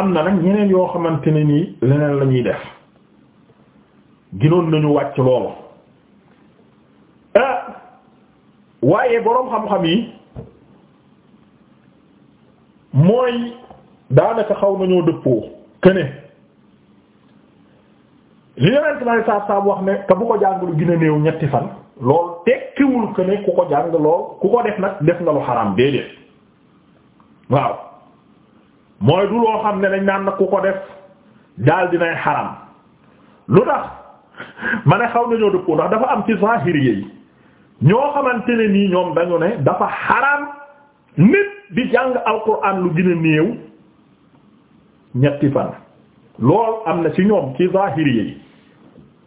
am na nag ñeneen yoo xamante ne nii leneen la ñuy def ginoon nañu wàcc loolu ah, waaye boroom xam-xam yi mooy daanaka xaw nañoo dëppoo këne li yonent na saab saab wax ne te bu ko jàng lu gën néew ñetti fan lool tekkiwul këne ku ko jàng lool ku ko def nag def nga lu xaraam déedéet waaw mooy du loo xam ne dañ naan nag ku ko def daal dinay xaram lu tax ma ne xaw nañoo dëppoo ndax dafa am ci zahiriyé yi ñoo xamante ne nii ñoom dañu ne dafa xaram nit di jàng alquran lu gën a néew ñetti fan lool am na ci ñoom ci zahiriyé yi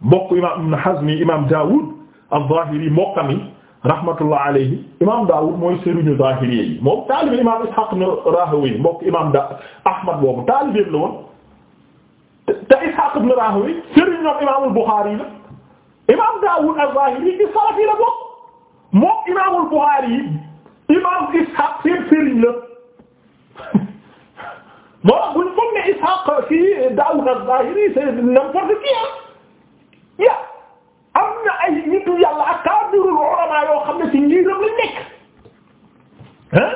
mbokk imam ibn Hazmi imam Daawud al-Zahiri mbokkam yi rahmatullah alayhi imam Daawud mooy sëriñu zahiri yi moom taalibe imam Ishaq ibn Rahowi mbokk imam da Ahmad boobu taalibe la woon te Ishaq ibn Rahowi sëriñ ñoom imamul Bukhari yi la imam Daawud az-Zahiri yi ci salaf yi la bokk moom imamul Bukhari yi imam Ishaq seen sëriñ la moo tax buñ foog ne Ishaq fii Daawud az-Zahiri c'est n'importe qui ya na ay nitu yàlla ak kaabirul ulama yoo xam ne ci ngiiram la nekk ah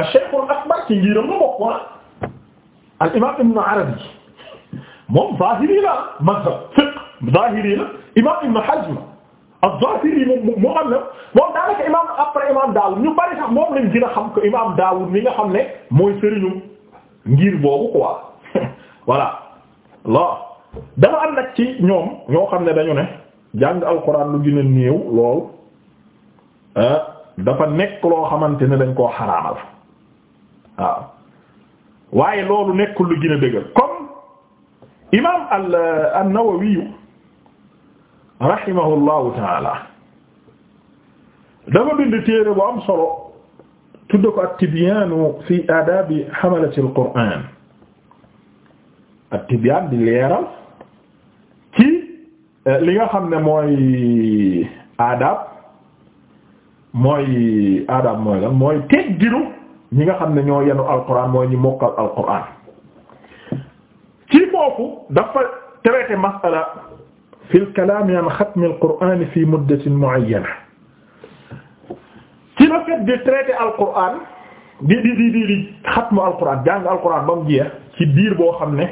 ash-shaykhul akbar ci ngiiram la bokk wa ah. al imam ibn arabi moom zahiri la mazhab fiqh imam ibn hazm az-zahiri moom imam après imam daawud ñu bari sax xam que imam mi nga xam ne mooy sëriñu ngir boobu quoi voilà lo dafa am nag ci ñoom ñoo xam ne dañu ne jàng alxuraan lu gën a lool ah, dafa nekk loo xamante ne dañ koo xaraamal waaye loolu nekkul lu gën a dëgër comme al euh, an-Nawawi rahimahullahu taala dafa bind téere bu am solo tudde ko at-Tibyaan fi aadaabi hamalati al-Qur'aan at-Tibyaan di leeral Euh, li nga xam ne mooy adab mooy adab mooy lan mooy tegginu ñi nga xam ne ñoo yenu alquran mooy ñi mokkal alquran ci foofu dafa traité masala fi l kalami an xatmi alquran fi muddatin jeex ci biir boo xam ne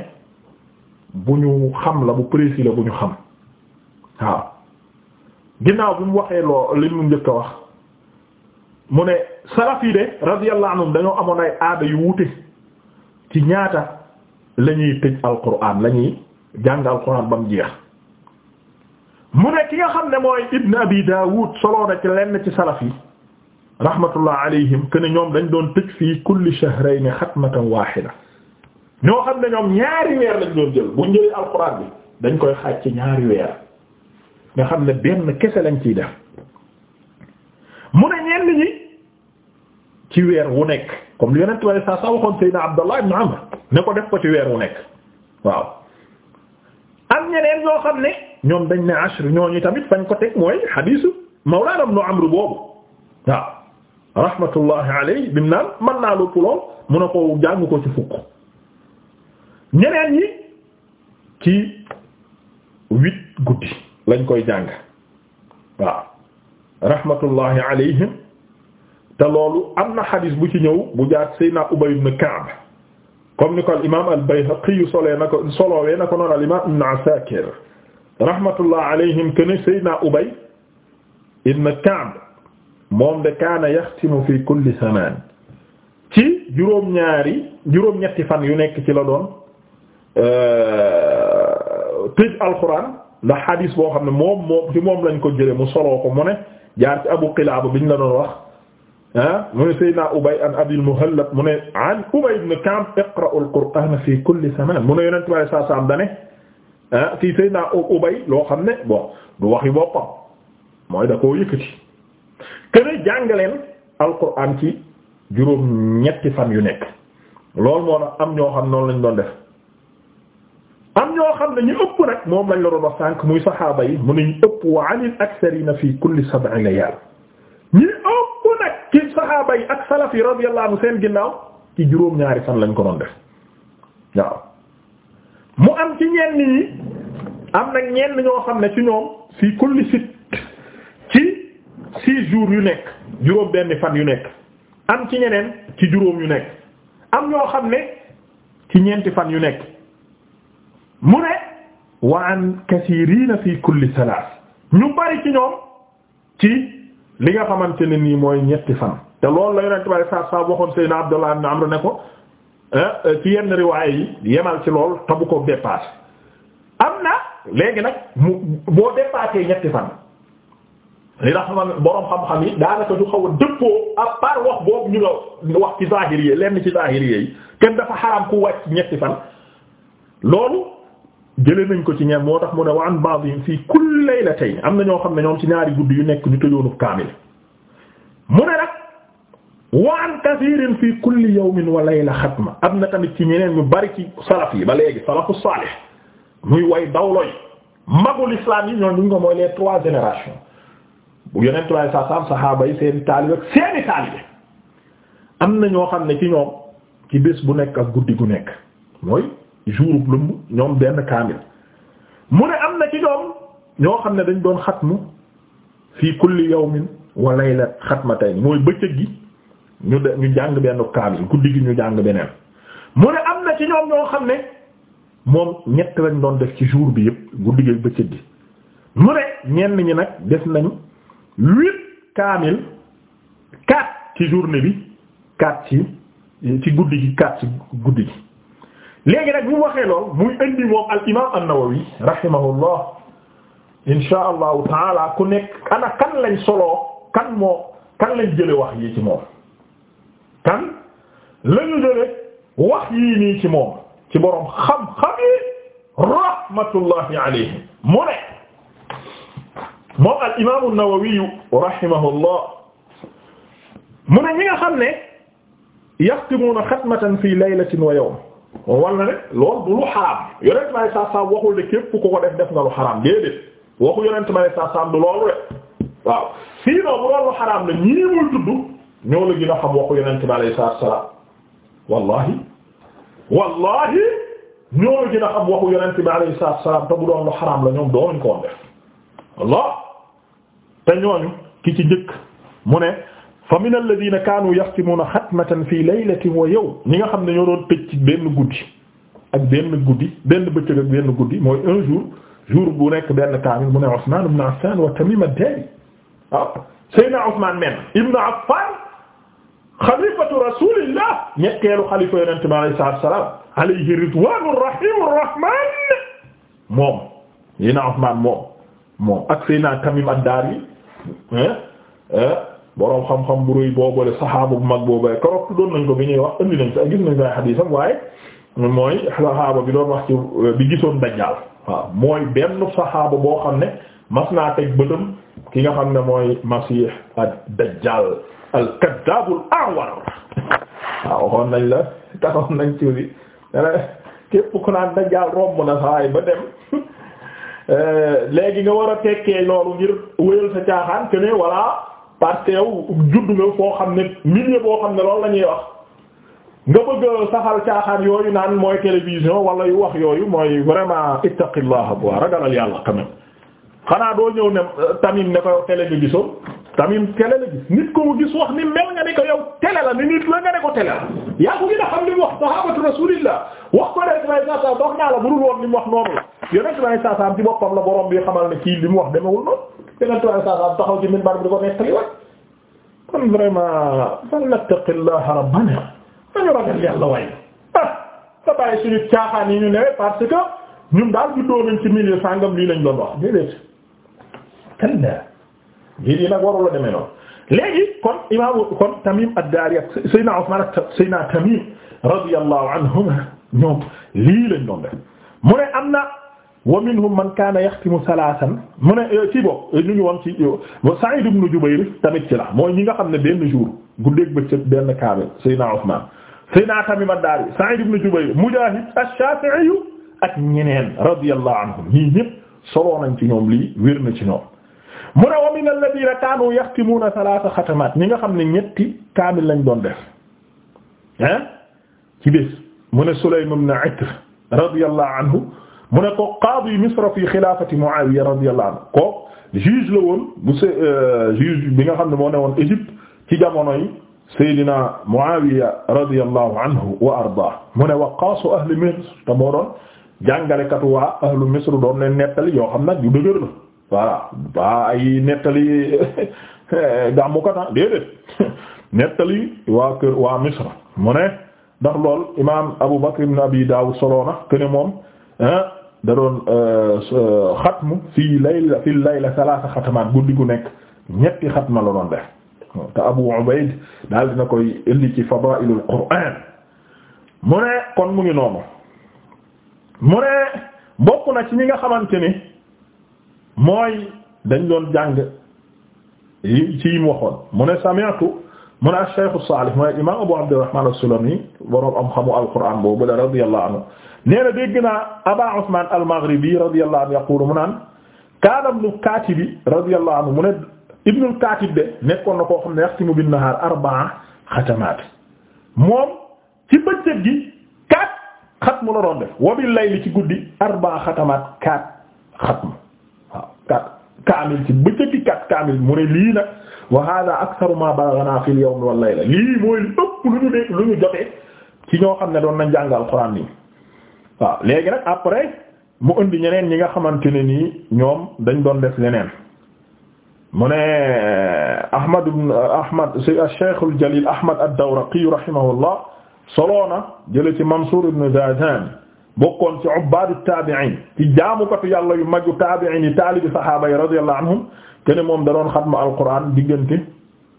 bu ñu xam la bu précis la bu ñu xam waaw ginnaaw bi mu waxee loo li mu njëkk a wax mu ne salaf yi de radiyallahu anhum dañoo amoon ay aada yu wuute ci ñaata la ñuy tëj alquran la ñuy jàng alquran ba mu jeex mu ne ki nga xam ne mooy Ibn Abi Dawud soloo na ci lenn ci salaf yi rahmatullah alayhim que ñoom dañ doon tëj fii kulli shahrayn xatmatan waahida ñoo xam ne ñoom ñaari weer lañ doon jël bu njëri alquran bi dañ koy xaaj ci ñaari weer. nga xam ne benn kese lañ ciy def mu ne ñenn ñi ci weer wu nekk comme yonent bi saa saa waxoon Seydina Abdallah ibn Amr ne ko def ko ci weer wu nekk waaw am ñeneen ñoo xam ne ñoom dañ ne ashr ñooñu tamit fañ ko teg mooy xadiisu Mawlaana ibn Amr boobu waaw rahmatullahi alayhi naan mën naa lu mu ne ko jàng ko ci fukk ñeneen ñi ci huit guddi lañ koy jàng waaw rahmatullahi alayhim am na xadis bu ci ñëw bu jaat Seydina Ubay ibn Ka'b comme ni ko al imaam al-Bayhaqi solee na ko solowee na ko noonu rahmatullah alayhim que ne Ubay ibn Ka'b moom de kaana yaxtimu fi kulli samaan ci juróom-ñaari juróom-ñetti fan yu nekk ci la doon euh, tëj alxuraan ndax hadis boo xam ne moom moom ci moom lañ ko jële mu soloo ko mu ne jaar ci Abu Qilaaba biñ la doon wax ah mu ne Seydina Ubay an Abil Muhallab mu ne an Ubay ibn Ka'b iqra'u al-Qur'ana fi kulli samaan mu ne Yonent bi saa saam da ne ah Ubay loo xam ne bon du wax yi boppam mooy da koo yëkkati kenn jàngaleen al-Qur'an ci juróom ñetti fan yu nekk loolu moo na am ñoo xam noonu lañu doon def. am ñoo xam ne ñu ëpp nag moom lañ la doon wax sànq muy saxaaba yi mu ne ñu ëpp wa anil aktharina fi kulli sab'i layal ñu ëpp nag ci saxaaba yi ak salaf yi radiyallahu seen ginnaaw ci juróom-ñaari fan lañ ko doon def waaw mu am ci ñenn ñi am nag ñenn ñoo xam ne ci ñoom fi kulli sit ci six jours yu nekk juróom benn fan yu nekk am ci ñeneen ci juróom yu nekk am ñoo xam ne ci ñeenti fan yu nekk mu ne wa an kasiirina fi kulli salaas ñu bari ci ñoom ci li nga xamante ne nii mooy ñetti fan te loolu la yonent bi saa saa waxoon Seydina Abdullah ibn Amr ne ko eh, ci yenn riwaay yi yemal ci lool te bu ko dépassé am na léegi nag mu boo dépassé ñetti fan li nga xam boroom xam-xam yi daanaka du xaw a dëppoo à part wax boobu ñu nga wax ci zaahiri yi lenn ci zaahiri yi kenn dafa xaraam ku wàcc ñetti fan loolu jële nañ ko ci ñeen moo tax mu ne wa an ba'dihim fii kulli laylatayn am na ñoo xam ne ñoom ci ñaari guddi yu nekk ñu tëjoonu kaamil mu ne nag wa an kathirin fii kulli yawmin wa layla xatma am na tamit ci ñeneen ñu bari ci salaf yi ba léegi salafu salih muy way dawloy magul islam yi ñoom ñu nga mooy lee trois générations bu yeneen trois sa sam saxaaba yi seeni taalibe seeni taalibe am na ñoo xam ne ci ñoom ci bés bu nekk ak guddi gu nekk mooy jourub lëmb ñoom benn kaamil mu ne am na ci ñoom ñoo xam ne dañ doon xatmu fii kulli yawmin wa layla xatmatayn mooy bëccëg gi ñu de ñu jàng benn kaamil guddi gi ñu jàng beneen mu ne am na ci ñoom ñoo xam ne moom ñett lañ doon def ci jour bi yëpp guddi gi ak bëccëg gi mu ne ñenn ñi nag def nañ huit kaamil quatre ci journée bi quatre ci ci guddi gi quatre ci guddi gi léegi nag bu mu waxee lool muy indi moom al imaam an-Nawawi rahimahullah insha allahu ku nekk ana kan lañ soloo kan moo kan lañ jële wax yi ci moom kan lañu jële wax yii nii ci moom ci boroom xam-xam yi rahmatullahi alayhim mu ne moom al fi laylatin wa moom war na ne loolu du lu xaraam yonent ma ne saa saam waxul ne képp ku ko def def nga lu xaraam déedéet waxu yonent ma ne saa saam du loolu de la ñii muy tudd ñoo la gën a xam waxu yonent ma ne saa salaam wallahi la gën a xam waxu yonent bi alayhi salaatu bu doon lu xaraam la ñoom doonuñ ko woon def Allah te ñooñu ki ci njëkk mu ne fa min alladina kaanu yaxtimuuna xatmatan fii laylatin wa yawm ñi nga xam ne ñoo doon tëj ci benn guddi ak benn guddi benn bëccëg ak benn guddi mooy un jour jour bu nekk benn kaamil mu ne Usmaan ibn Affaan wa Tamiim ad-Daari waaw ah, Seydina Usmaan men ibn Affaan xalifatu rasuulillah ñetteelu xalifa yonente bi alayhi salaatu wa salaam alayhi ridwaanu rahiimu rahmaan moom Seydina Usmaan moom moom ak Seydina Tamiim ad-Daari eh, eh, boroom xam-xam bu rëy boobale saxaaba bu mag boobale keroog doon nañ ko bi ñuy wax indi nañ ko gis nañ ko ay xadiisam waaye mooy saxaaba bi doon wax ci euh, bi gisoon dajjaal waaw mooy benn saxaaba boo xam ne mas naa teg bëtam ki nga xam ne mooy masiix ad-dajjaal nañ la taxoon nañ ci bi képp ku naan dajjaal romb na saay ba dem euh, léegi nga war a tekkee loolu ngir wéyal sa caaxaan que ne parce que yow judd nga foo xam ne milieu boo xam ne loolu la ñuy wax nga bëgg saxal caaxaan yooyu naan mooy télévision wala yu wax yooyu mooy vraiment ittaqillah bu ragalal yàlla quand même xanaa doo ñëw ne euh, tamit ne ko télé bi gisoo tamit télé la gis nit ko gis wax ni mel nga ne ko yow télé la ni nit la nga ne ko télé la yaa ko gën a xam li mu wax sahabatu rasulillah wax ko rek may sa sa dox naa la bu dul woon li mu wax noonu la yonent bi saa saam ci boppam la borom bi xamal ne kii li mu wax demewul noonu yonent bi saa saam taxaw ci minbar bi di ko nettali waat kon vraiment falnattaqillaha rabbana dañu ragal yàlla way ah da bàyyi suñu caaxaan yi ñu newee parce que ñun daal juddoo nañ ci milieu sàngam lii lañ doon wax déedéet kan la lii di nag warul la demee noonu léegi kon imaamu kon Tamim ad-Dari ak Seydina Usman ak Seydina Tamim radiyallahu anhuma ñoom lii lañ doon def mu ne am na wa minhum man kaana yaxtimu salaasan mu ne euh, ci bopp euh, ñu ngi woon ci euh, Sa'id ibn Jubayr tamit ci la mooy ñi nga xam ne benn jour guddeeg bëccëg benn kaabe Seydina Usmaan Seydina Tamim ad-Dari Sa'id ibn Jubayr Mujaahid ash-Shaafi'i ak ñeneen radiyallahu anhum ñii ñëpp soloo nañ ci ñoom lii wér na ci ñoom mu ne wa min alladhiina kaanu yaxtimuuna salaasa xatamaat ñi nga xam ne ñetti kaamil lañ doon def ah ci bés mu ne Sulaym ibn Itr radiyallahu anhu mu ne qaadi Misra fi xilaafati Muawiya radiyallahu anhu ko juge la woon bu se euh, juge bi nga xam ne moo ne woon Égypte ci jamonoy Seydina Muawiya radiyallahu wa ardaah mu ne waqaasu ahli Misr te moo doon jàngalekatu waa ahlu Misr doon leen nettali yoo xam nag yu dëgër la voilà ba waa Misra mu ne ndax lool imaam Abu Bakr ibn Abi Daawud soloona këne da doon euh, xatmu fii layla fii layla salaasa xatamaat guddi gu nekk ñetti xatma la doon def te Abu Ubayd daal dina koy indi ci fadaa'ilul Qur'aan mu ne kon mu ngi noonu mu ne bokk na ci ñi nga xamante ni mooy dañ doon jàng yi ci yim waxoon mu ne sami'tu mu ne Cheikh Salih mooy imaam Abu Abdurrahman as-Sulami boroom am xamu alquran boobu la radiyallahu anhu nee na dégg naa Aba Usman al-Maghribi radiyallahu anhu yaqulu mu naan kaana ibnu kaatibi radiyallahu anhu mu ne ibnul kaatib de nekkoon na koo xam ne yaxtimu bin nahaar arba'a xatamaat moom ci bëccëg gi quatre xatmu la doon def wa bil layli ci guddi arba'a xatamaat quatre xatmu waaw quatre kaamil ci bëccëg gi quatre kaamil mu ne lii nag wa hada aktharu ma balagana fil yawmi wal layla lii mooy ëpp lu ñu dee lu ñu jotee ci ñoo xam ne doon nañ jàngal quran nii waaw léegi nag après mu indi ñeneen ñi nga xamante ne nii ñoom dañ doon def leneen mu ne eh, Ahmad ibn eh, Ahmad eh, Cheikh al Jalil Ahmad ad-Dawraqi rahimahullah soloona jële ci Mansur ibn Zazan bokkoon ci ubbaadu taabi'in ci jaamukatu yàlla yu maju taabi'in yi taalibi saxaaba yi radiyallahu anhum kene moom da doon xatma alquran diggante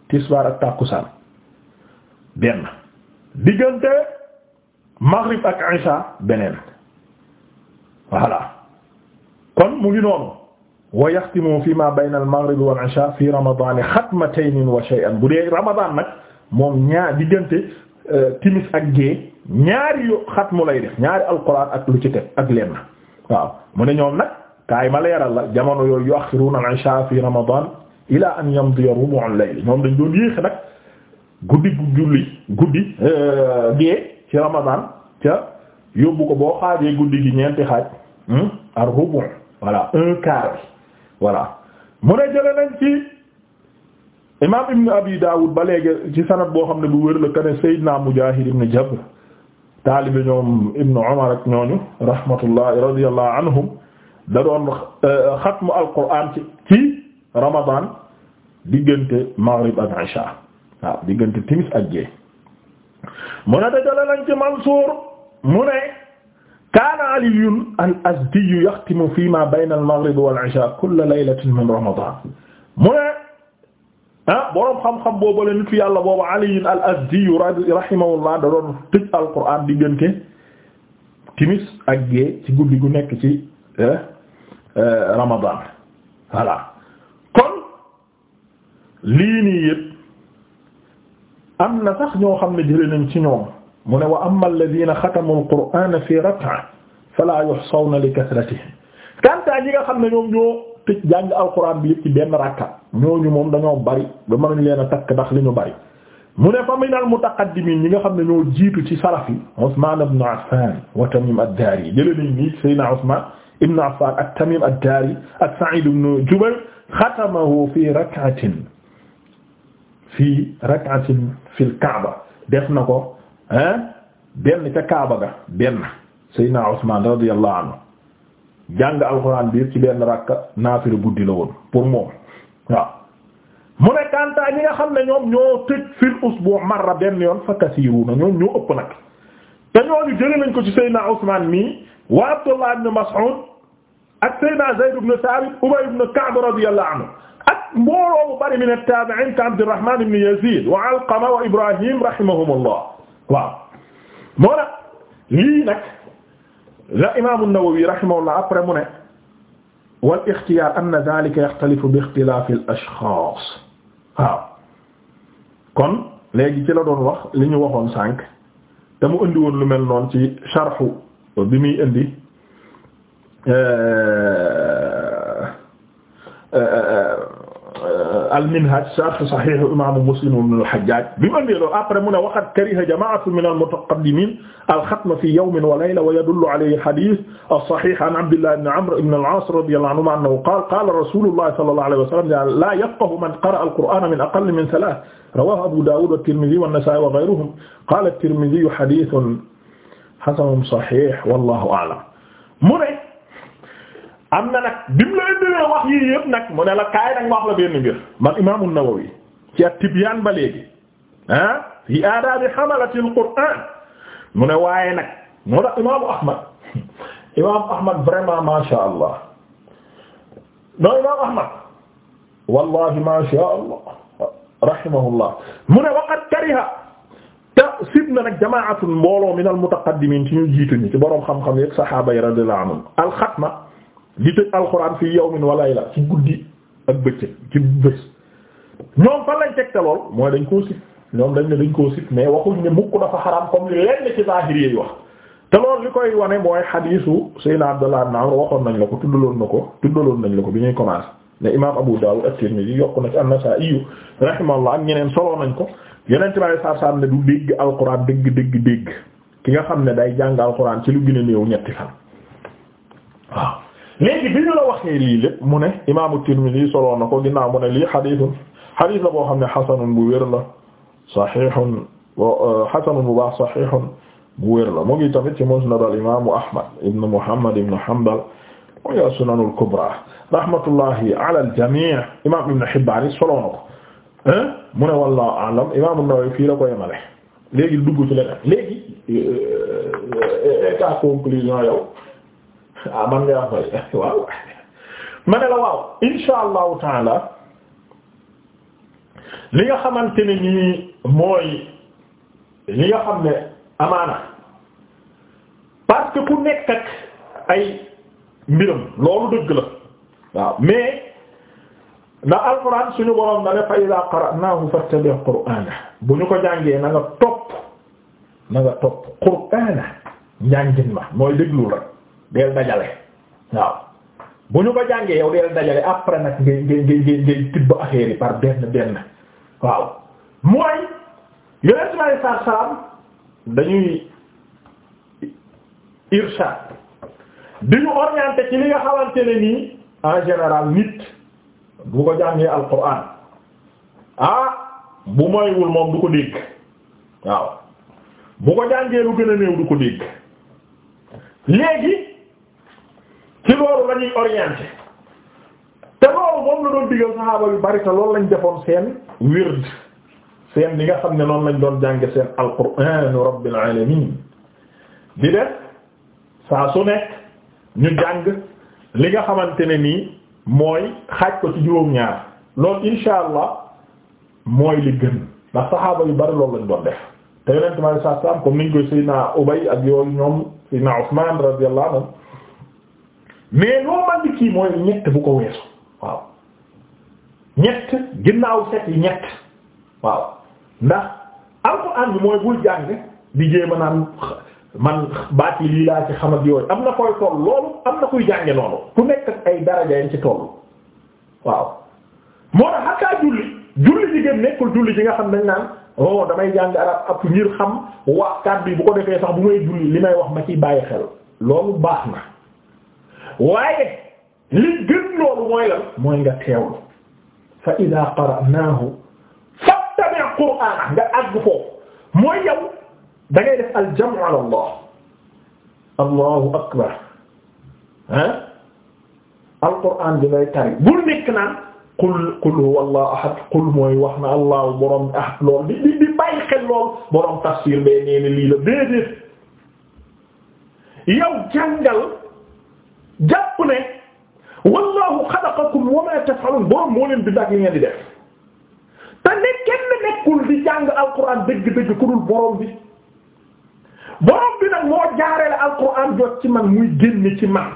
tisbaar ak tàkkusaan benn diggante maghrib ak isha beneen voilà kon mu ngi noonu wa yaxtimu fi ma bayna al maghrib wal isha fi ramadaan xatmatayn wa shay'an bu dee ramadaan nag moom ñaar diggante euh, timis ak gée ñaari yu xat mu lay def ñaari alquran ak lu ci teg ak leen na waaw mu ne ñoom nag kaay ma leeral la jamono yooyu yuaxiruna al-isha fi ramadan ila an yamdiya dañ guddi euh, ko boo xaajee guddi gi ñeenti xaaj hmm, ar rubu' voilà un quart mu ne jële ci imam ibn abi dawud ba léegi ci sanad boo xam ne bu wér la kane sayyidna mujahid ibn jabr taalibe ñoom ibnu Umar ak ñooñu rahmatullahi radiyallahu anhum da doon euh, xatmu alquran ci ci ramadan diggante maghrib ak isha waaw diggante timis ak gée mu ne dajale nañ ci Mansuur mu ne kaana Aliyyun al-Azdiyu yaxtimu fiimaa bayna al-maghrib wal isha kulla laylatin min ramadan mu ne ah boroom xam-xam boobu la nitu yàlla boobu Ali al Azdi rahimahullah da doon tëj alquran diggante timis ak gée ci guddi gu nekk ci eh, eh, Ramadan voilà kon lii nii yëpp am na sax ñoo xam ne jëlee nañ ci ñoom mu ne wa amma alladhina xatamu alquran fi rak'a fala yuhsawna li kasratihim kanta ñi nga xam ne ñoom ñoo tëj jàng alquran bi yëpp ci benn rakka. ñooñu moom dañoo bari ba mënuñ leen a takk ndax li ñu bari mu ne fa minal mutaqaddimin ñi nga xam ne ñoo jiitu ci salaf yi Usman ibn Affan wa Tamim ad-Dari jëlee nañ nii Seydina Usman ibn Affan ak Tamim ad-Dari ak Sa'id ibn Jubayr fi rak'atin fi rak'atin fil Kaaba def na ko ah benn ca Kaaba ga benn Seydina Usman radiyallahu anhu jàng alxuraan bi ci benn rakka naafila guddi la woon waaw mu ne kantaa ñi nga xam ne ñoom ñoo tëj fil usbu' marra benn yoon fa kasiiruna ñoom ñoo ëpp nag te ñooñu jëlee nañ ko ci Seydina Usmaan mii wa Abdullah ibn Mas'ud ak Seydina Zayd ibn Thabit Ubay ibn Ka'b radiyallahu anhu ak mbooloo bu bari min at-taabi'iin ka Abdurrahmaan ibn Yaziid wa Alqama wa Ibrahim rahimahumullah waaw moo nag lii nag la Imaam an-Nawawi rahimahullah après mu ne wal ixtiyaar anna daalika yaxtalifu bi ixtilaafi al ashxaas waaw kon léegi ci la doon wax li ñu waxoon sànq te mu indi woon lu mel noonu ci sharxu bi muy indi euh, euh, al-Minhaj sharh Sahih imaamu Muslim ibn al-Hajjaj bi mu andee loolu après mu ne waqad kariha jamaa'atun min al-mutaqaddimin al-khatma fi yawmin wa layla wa yadullu alayhi hadith as-sahih an Abdillah ibn Amr ibn al-As radiyallahu anhu annahu qala qala rasulullah sallallahu alayhi wa sallam la yafqahu man qara'a al-Qur'ana min aqall min thalath rawahu Abu Dawud wat-Tirmidhi wan-Nasa'i wa ghayruhum qala at-Tirmidhi hadithun hasanun sahih wallahu a'lam mu ne am na nag bi mu la indilee wax yii yëpp nag mu ne la kaay nag ma wax la benn mbir man imaam an-Nawawi ci at-Tibyaan ba léegi ah fi aadaabi hamalati al-Qur'aan mu ne waaye nag moo tax imaamu Ahmad imaamu Ahmad vraiment masha Allah non imaamu Ahmad wallahi masha Allah rahimahullah mu ne waqad kariha te sib na nag jamaatun mbooloo min al-mutaqaddimiin ci ñu jiitu ñi ci boroom xam-xam yeeg saxaaba yi radiyallahu anhum al-xatma di tëj alxuraan fii yawmin wa la ci guddi ak bëccëg ci bés ñoom fan lañ tegte lool mooy dañ koo sit ñoom dañ ne dañ koo sit mais waxuñ ne mukk dafa xaraam comme li lenn ci zaahir yi wax te loolu li koy wane mooy xadiisu Seydina Abdallah ibn Amr waxoon nañ la ko tuddaloon na ko tuddaloon nañ la ko bi ñuy commencé ne imaam Abu Dawud at-Tirmidhi yokk na ci an-Nasa'i rahimahullah ak ñeneen solo nañ ko yeneen ci laay saabsaab ne du dégg alxuraan dégg dégg dégg ki nga xam ne day jàng alxuraan ci lu gën a néew ñetti léegi bi la waxee lii lépp mu ne imaamu Tirmidhi soloon na ko ginnaaw mu ne lii la boo xam ne xasanun bu wér la saxiixun euh, bu baax saxiixun bu wér la mu ngi tamit ci al imaamu Ahmad ibn Muhammad ibn Hanbal wa sunanul kubra rahmatullahi al jamii imaam Ibn Hibbaan soloon na ko mu ne wallaahu a'lam imaamu Nawawi fii la ko yemale léegi dugg ci leneen léegi ta euh, euh, conclusion ah man nga am fay waaw ma ne la waaw insha allahu taala li nga xamante ne nii mooy li nga xam ne amaana parce que ku nekk ak ay mbiram loolu dëgg la waaw mais na alxuraan suñu boroom na ne fa idaa qara'naahu fattabi' qur'aana bu ñu ko jàngee na nga topp na nga topp qur'aana njàngin ma mooy déglul rek deel dajale waaw bu ñu ko jàngee yow deel dajale après nag ngay ngay ngay ngay tibb affaire yi par benn benn waaw mooy yonent bi alei salaatu salaam dañuy irshad di ñu orienté ci li nga xamante ne nii en général nit bu ko jàngee alquran ah bu moywul moom du ko dégg waaw bu ko jàngee lu gën a néew du ko dégg léegi ci loolu lañuy orienté te loolu moom la doon digal saxaaba yu bari te loolu lañ defoon seen wird seen li nga xam ne noonu lañ doon jànge seen alquranu rabbil alamin di def saa su ne ñu jàng li nga xamante ne nii mooy xaaj ko ci juróom-ñaar loolu insha allah mooy li gën ndax saxaaba yu bari loolu lañ doon def te yonent mi sallallahu alayhi wasallam comme niñ koy Seydina Ubay ak yooyu ñoom Seydina Usman radiyallahu mais loo man di kii mooy ñett bu ko weesu waaw ñett ginnaaw set yi ñett waaw ndax alxuraan bi mooy bul jàng di jéema naan man baat yi lii laa ci xam yooyu am na koy toll loolu am na kuy jànge noonu ku nekk ay daraja yi ci toll waaw moo tax xakkaa julli julli ji gën nekkul julli ji nga xam dañ naan oo oh damay jàng arab ak ngir xam waxtaan bi bu ko defee sax bu may julli li may wax ma ciy bàyyi xel loolu baax na waaye li gën loolu mooy lan mooy nga teewlu fa ida qara'naahu fattami' qur'aana allah akbar ah alqur'aan bi ngay tari bul nekk qul qul huwa allah qul mooy wax na allahu borom ahad lool di di bàyyi borom tafsir bee nee na yow jàngal jàpp ne wallahu xalaqakum wa ma taf'alun borom moo leen bind li ngeen di def te ne kenn nekkul di jàng alquran dëgg-dëgg ku dul borom bi borom bi nag moo jaaree la alquran jot ci man muy génn ci man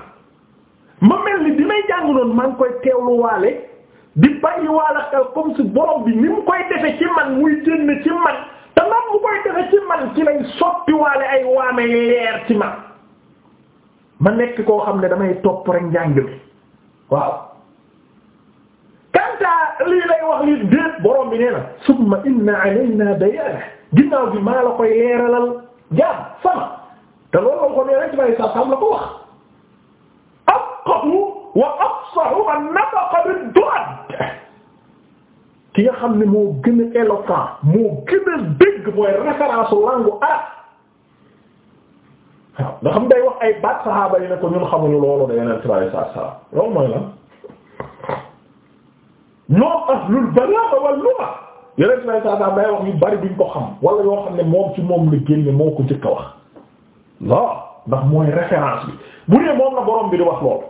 ma mel ni bi may jàng noonu maa ngi koy teewluwaale di bàyyi waala xel comme si borom bi ni mu koy defe ci man muy génn ci man te man mu koy defe ci man ci lay soppiwaale ay waame leer ci man. ma nekk koo xam ne damay topp rek njàng mi waaw kantaa lii lay wax li déet borom bi nee na summa inna alayna bayaana ginnaaw bi maa la koy leeralal jaam sama la ko nee rek may sa sam la ko wax afqahu wa afsahu man nafaqa bid-du'ad ki nga xam ne moo gën a éloquent moo gën a dégg mooy référence langue arabe waaw nga xam day wax ay baat saxaaba yi xamuñu loolu da yeneen sallallahu alayhi wasallam mooy lan ñoom ahlul balagha wal lugha wax yu bari duñ ko xam wala yoo xam ne moom ci moom moo ko jëkk wax non ndax mooy référence bi bu bi di wax loolu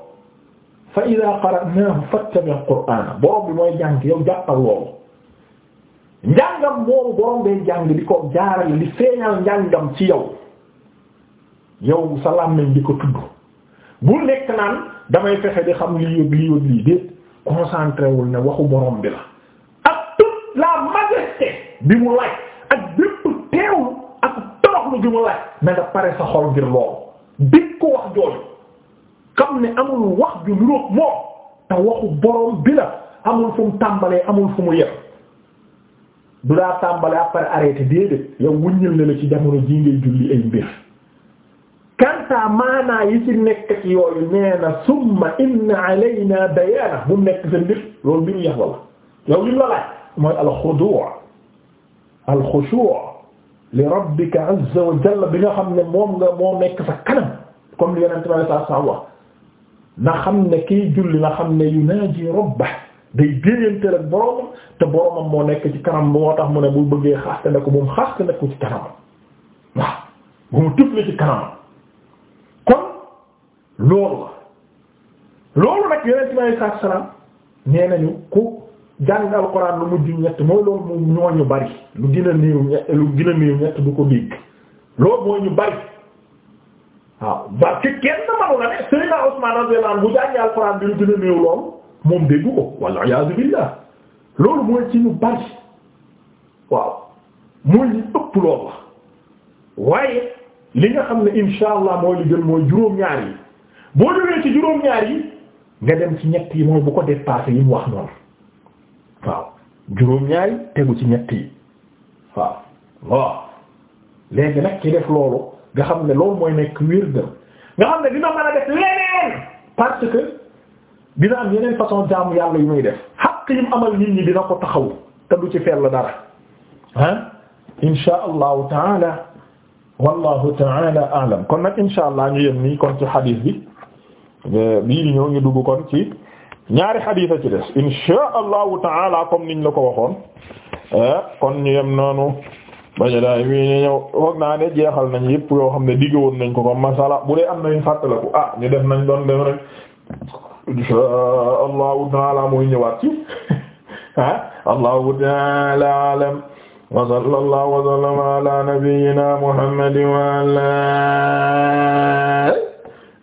fa idha qara'nahu fattabi' qur'ana borom bi mooy loolu njàngam moomu borom day jàng di ko jaaral di feeñal njàngam ci yow. yow sa làmmiñ di ko tudd bu nekk naan damay fexe di xam lii yëg lii yëg lii déet concentré wul ne waxu borom bi la ak toute la majesté bi mu laaj ak bépp teewlu ak toroxlu bi mu laaj na nga pare sa xol ngir loolu di ko wax jooju xam ne amul wax ju niroog moom te waxu borom bi la amul fu mu tàmbalee amul fu mu yem du daa tàmbalee après arrêté déedéet yow wuññil ne la ci jamono jii ngay julli ay mbir kanta maanaa yi ci nekk ci yooyu nee na summa inna alayna bayaana bu nekk sa mbir loolu mbiru yàlla la yow li la laaj mooy alxudu' alxushu' li rabbika azza wa jalla bi nga xam ne moom nga moo nekk sa kanam comme li yonente bi sallallahu alayhi wasallam wax na xam ne kiy julli na xam ne yunaaji rabbah day déeyanteel ak boroomam te boroomam moo nekk ci kanam moo tax mu ne bu bëggee xaaste ne ko bu mu xaaste ne ko ci kanamam waaw bu mu tifli ci kanamam loolu la loolu nag yeneen ci may sax salaam nee nañu ku jàng alxuraan lu mujj ñett mooy loolu moom ñooñu bari lu gën a néew ñett lu gën a néew du ko dégg loolu mooy ñu bari waaw parce que kenn manu la ne Seydina Usmaan radiyallahu anhu bu jàngee alxuraan bi lu gën néew loolu moom déggu ko walla iyaazu billaah loolu mooy ci ñu bari waaw mooy ñu ëpp loolu la waaye li nga xam ne insha allah mooy li gën mooy juróom-ñaar yi boo jógee ci juróom-ñaar yi nga dem ci ñett yi mooy bu ko dépassé yi mu wax noonu waaw juróom-ñaar yi tegu ci ñett yi waaw waaw léegi nag ci def loolu nga xam ne loolu mooy nekk wirde nga xam ne dina mën a def leneen parce dina am yeneen façon jaamu yàlla yu muy def xaq yi mu amal nit ñi dina ko taxaw te du ci fel dara ah insha allahu taala wallahu taala alam kon nag insha allah ñu yem nii kon ci xadiis bi Euh, bii di ñëw ñu dugg kon ci ñaari xadiis a ci des insha allahu taala comme niñ la ko waxoon euh, kon ñu yem noonu bañadaay wi ñu ñëw foog naa ne jeexal nañ yëpp yoo xam ne digg woon nañ ko comme masala bu dee am ñu fàttaliku ah ñu def nañ doon def rek insha allahu taala muy ñëwaat ci ah allahu taala alam wa sallallahu wa sallama ala